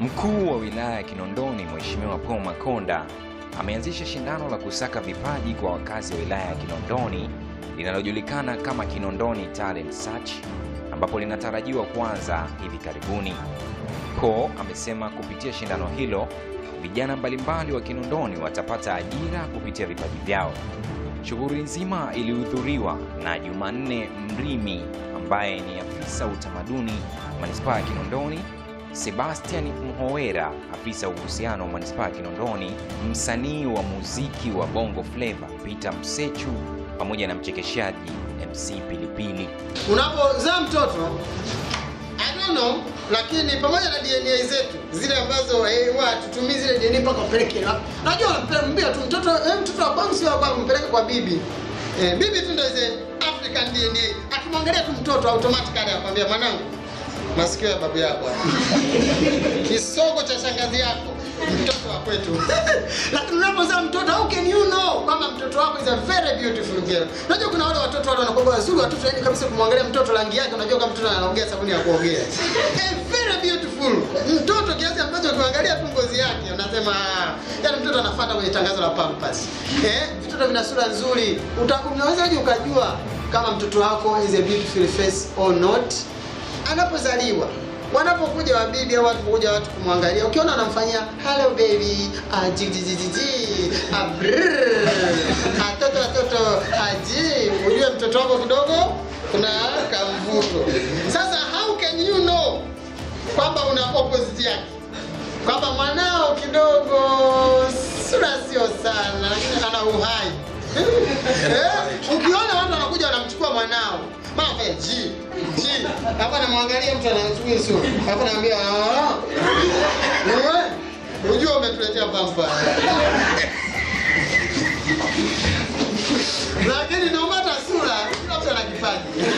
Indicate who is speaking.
Speaker 1: Mkuu wa wilaya ya Kinondoni Mheshimiwa Paul Makonda ameanzisha shindano la kusaka vipaji kwa wakazi wa wilaya ya Kinondoni linalojulikana kama Kinondoni Talent Search ambapo linatarajiwa kuanza hivi karibuni. Paul amesema kupitia shindano hilo vijana mbalimbali wa Kinondoni watapata ajira kupitia vipaji vyao. Shughuli nzima ilihudhuriwa na Jumanne Mrimi ambaye ni afisa utamaduni manispaa ya Kinondoni Sebastian Mhowera, afisa uhusiano wa manispaa ya Kinondoni, msanii wa muziki wa Bongo Flava Peter Msechu pamoja na mchekeshaji MC Pilipili.
Speaker 2: Unapozaa mtoto I don't know, lakini pamoja na DNA zetu zile ambazo eh, tutumii zile DNA mpaka upeleke. Najua unampea tu mtoto eh, mtoto wa kwangu sio hapa mpeleke kwa bibi. Eh, bibi tu ndio African DNA. Akimwangalia tu mtoto automatically anakuambia mwanangu masikio ya babu yako, kisogo cha shangazi yako, mtoto wa kwetu. Lakini unapozaa mtoto how can you know kwamba mtoto wako is a very beautiful girl? Unajua kuna wale watoto wale wanakuwa wazuri watoto, yani kabisa kumwangalia mtoto rangi yake, unajua kama mtoto anaongea sabuni ya kuogea. very beautiful mtoto kiasi ambacho ukiangalia tu ngozi yake unasema yani mtoto anafuata kwenye tangazo la pampas Eh, vitoto vina sura nzuri, utakunawezaje ukajua kama mtoto wako is a beautiful face or not? anapozaliwa wanapokuja wabibi au watu kuja watu kumwangalia, ukiona wanamfanyia hello baby, ajijijiji, ah, jiji atoto ah, ah, atoto, aji, ujue mtoto wako kidogo kuna kamvuto. Sasa how can you know kwamba una opposite yake, kwamba mwanao kidogo sura sio sana, lakini ana uhai eh? Ukiona watu wanakuja wanamchukua mwanao, maveji hapa namwangalia mtu anayetumia simu hapa naambia ah. unajua umetuletea pampa lakini nomata sura kila mtu anakifanya